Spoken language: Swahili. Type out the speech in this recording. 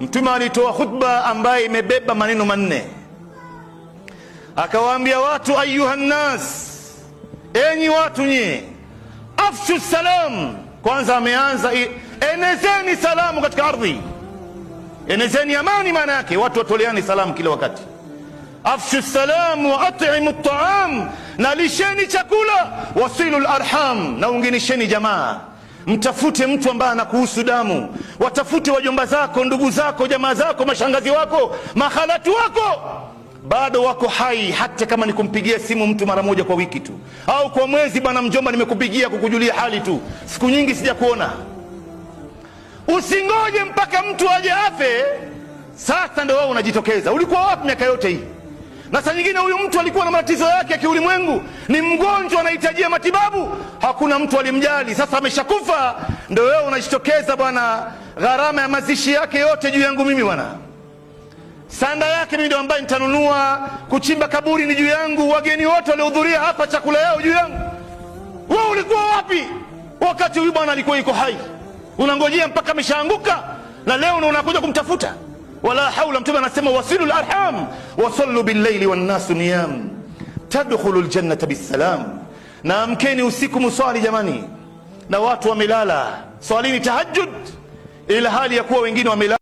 Mtume alitoa khutba ambaye imebeba maneno manne, akawaambia watu, ayuha nnas, enyi watu nyie, afshu salam. Kwanza ameanza enezeni salamu katika ardhi, enezeni amani, maana yake watu watoleani salamu kila wakati. Afshu salam wa atimu taam, na lisheni chakula. Wasilu larham, na unginisheni jamaa mtafute mtu ambaye anakuhusu damu, watafute wajomba zako, ndugu zako, jamaa zako, mashangazi wako, mahalatu wako bado wako hai, hata kama ni kumpigia simu mtu mara moja kwa wiki tu au kwa mwezi. Bwana mjomba, nimekupigia kukujulia hali tu, siku nyingi sijakuona. Usingoje mpaka mtu aje afe, sasa ndio wao unajitokeza. Ulikuwa wapi miaka yote hii? na saa nyingine huyu mtu alikuwa na matatizo yake ya kiulimwengu, ni mgonjwa, anahitajia matibabu, hakuna mtu alimjali. Sasa ameshakufa, ndio wewe unajitokeza bwana, gharama ya mazishi yake yote juu yangu mimi bwana, sanda yake mimi ndio ambaye nitanunua, kuchimba kaburi ni juu yangu, wageni wote waliohudhuria hapa chakula yao juu yangu. Wewe ulikuwa wapi wakati huyu bwana alikuwa iko hai? Unangojea mpaka ameshaanguka, na leo unakuja kumtafuta wala haula. Mtume anasema wasilu larham wasallu billaili wannasu niyam tadkhulu ljannata bisalam, naamkeni usiku muswali jamani, na watu wamelala. Swalini tahajjud ila hali ya kuwa wengine wamelala.